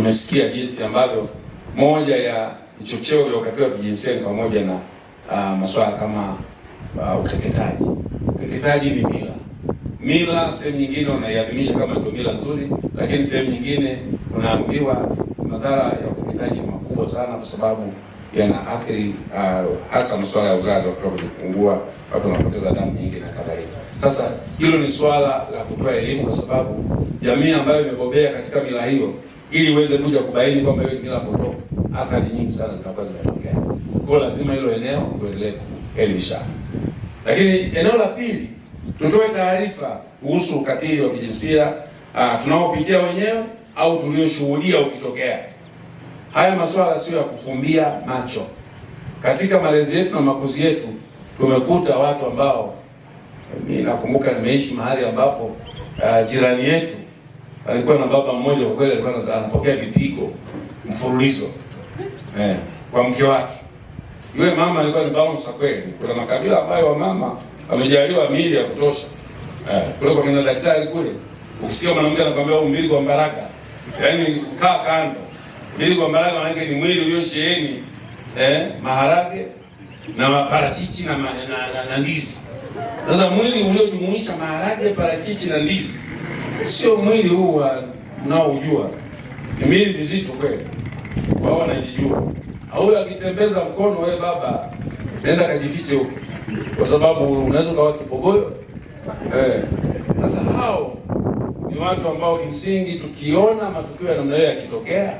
tumesikia jinsi ambavyo moja ya vichocheo vya ukatili wa kijinsia ni pamoja na uh, ah, masuala kama uh, ukeketaji. Ukeketaji ni mila mila, sehemu nyingine unaiadhimisha kama ndio mila nzuri, lakini sehemu nyingine unaambiwa madhara ya ukeketaji ni makubwa sana, kwa sababu yana yanaathiri uh, ah, hasa masuala ya uzazi, wa kutoka kujifungua, watu wanapoteza damu nyingi na kadhalika. Sasa hilo ni swala la kutoa elimu, kwa sababu jamii ambayo imebobea katika mila hiyo ili uweze kuja kubaini kwamba hiyo ni mila potofu. Athari nyingi sana zinakuwa zimetokea. Kwa lazima hilo eneo tuendelee kuelimisha. Lakini eneo la pili, tutoe taarifa kuhusu ukatili wa kijinsia uh, tunaopitia wenyewe au tulioshuhudia ukitokea. Haya masuala sio ya kufumbia macho. Katika malezi yetu na makuzi yetu tumekuta watu ambao, mimi nakumbuka nimeishi mahali ambapo uh, jirani yetu alikuwa na baba mmoja kwa kweli alikuwa anapokea vipigo mfululizo eh, kwa mke wake. Yule mama alikuwa ni bouncer kweli. Kuna makabila ambayo wamama wamejaliwa miili ya kutosha eh, kule kwa kina daktari kule, ukisikia mwanamke anakuambia au mbili kwa baraka, yaani ukaa kando. Mbili kwa baraka maana ni mwili uliosheheni eh, maharage na parachichi na, na, na, na, na ndizi. Sasa mwili uliojumuisha maharage, parachichi na ndizi sio mwili huu wa mnaojua, ni miili mizito kweli, wao wanajijua. Huyo akitembeza mkono, we baba, nenda kajifiche huko, kwa sababu unaweza ukawa kibogoyo eh. Sasa hao ni watu ambao kimsingi, tukiona matukio ya namna hiyo yakitokea,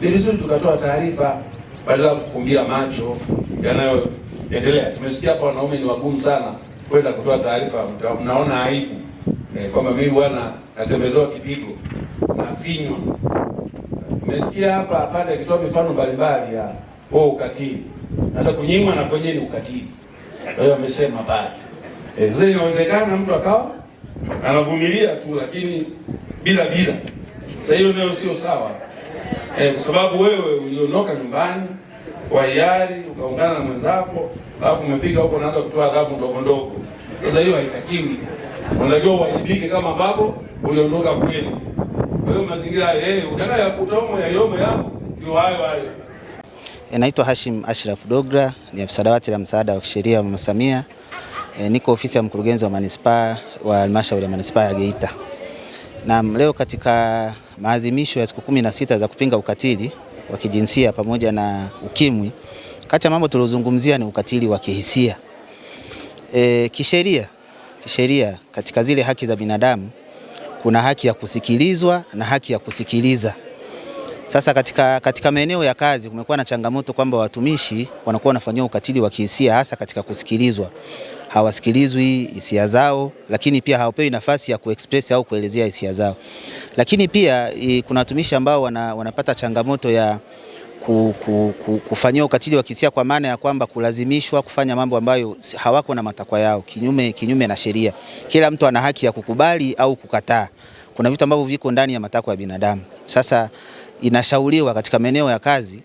ni vizuri tukatoa taarifa badala ya kufumbia macho yanayoendelea. Tumesikia hapa wanaume ni wagumu sana kwenda kutoa taarifa, mnaona aibu eh, kwamba mimi bwana natembezewa kipigo na nafinywa. Nimesikia hapa pale akitoa mifano mbalimbali ya oh, ukatili, hata kunyimwa na kwenye ni ukatili. Kwa hiyo amesema pale eh, zile inawezekana mtu akawa anavumilia tu, lakini bila bila. Sasa hiyo nayo sio sawa eh, kwa sababu wewe ulionoka nyumbani kwa hiari ukaungana na mwenzako, alafu umefika huko unaanza kutoa adhabu ndogo ndogo. Sasa hiyo haitakiwi unajua uwajibike kama ambapo uliondoka kweli. Kwa hiyo mazingira hey, utaka ya kutaomo ya yomo yao ndio hayo hayo. E, naitwa Hashim Ashraf Dogra ni afisa dawati la msaada wa kisheria wa Mama Samia. E, niko ofisi ya mkurugenzi wa manispaa wa halmashauri ya manispaa ya Geita. Na leo katika maadhimisho ya siku kumi na sita za kupinga ukatili wa kijinsia pamoja na ukimwi, kati ya mambo tuliozungumzia ni ukatili wa kihisia. E, kisheria kisheria katika zile haki za binadamu kuna haki ya kusikilizwa na haki ya kusikiliza. Sasa katika, katika maeneo ya kazi kumekuwa na changamoto kwamba watumishi wanakuwa wanafanyiwa ukatili wa kihisia hasa katika kusikilizwa. Hawasikilizwi hisia zao, lakini pia hawapewi nafasi ya kuexpress au kuelezea hisia zao. Lakini pia eh, kuna watumishi ambao wana, wanapata changamoto ya ku, ku, ku, kufanyia ukatili wa kisia kwa maana ya kwamba kulazimishwa kufanya mambo ambayo hawako na matakwa yao, kinyume, kinyume na sheria. Kila mtu ana haki ya kukubali au kukataa. Kuna vitu ambavyo viko ndani ya matakwa ya binadamu. Sasa inashauriwa katika maeneo ya kazi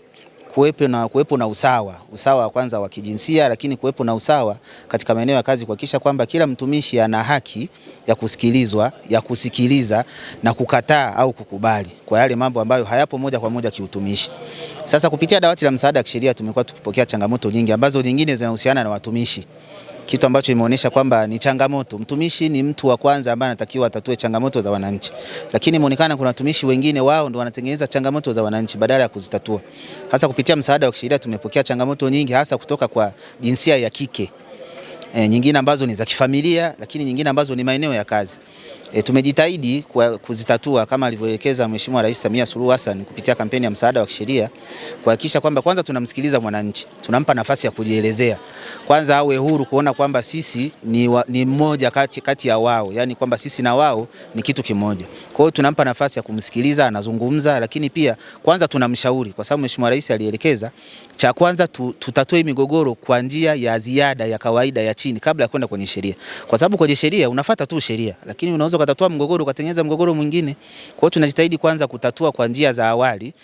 kuwepo na, kuwepo na usawa usawa wa kwanza wa kijinsia, lakini kuwepo na usawa katika maeneo ya kazi, kuhakikisha kwamba kila mtumishi ana haki ya kusikilizwa, ya kusikiliza na kukataa au kukubali kwa yale mambo ambayo hayapo moja kwa moja kiutumishi. Sasa kupitia dawati la msaada wa kisheria tumekuwa tukipokea changamoto nyingi ambazo nyingine zinahusiana na watumishi kitu ambacho imeonyesha kwamba ni changamoto. Mtumishi ni mtu wa kwanza ambaye anatakiwa atatue changamoto za wananchi, lakini imeonekana kuna watumishi wengine wao ndo wanatengeneza changamoto za wananchi badala ya kuzitatua. Hasa kupitia msaada wa kisheria tumepokea changamoto nyingi, hasa kutoka kwa jinsia ya kike e, nyingine ambazo ni za kifamilia, lakini nyingine ambazo ni maeneo ya kazi. E, tumejitahidi kuzitatua kama alivyoelekeza Mheshimiwa Rais Samia Suluhu Hassan kupitia kampeni ya msaada wa kisheria kuhakikisha kwamba kwanza tunamsikiliza mwananchi, tunampa nafasi ya kujielezea, kwanza awe huru kuona kwamba sisi ni, wa, ni mmoja kati, kati ya wao, yani kwamba sisi na wao ni kitu kimoja. Kwa hiyo tunampa nafasi ya kumsikiliza, anazungumza, lakini pia kwanza tunamshauri, kwa sababu Mheshimiwa Rais alielekeza cha kwanza tutatue migogoro kwa njia ya ziada ya kawaida ya chini kabla ya kwenda kwenye sheria, kwa sababu kwenye sheria unafata tu sheria, lakini unaweza ukatatua mgogoro ukatengeneza mgogoro mwingine. Kwa hiyo tunajitahidi kwanza kutatua kwa njia za awali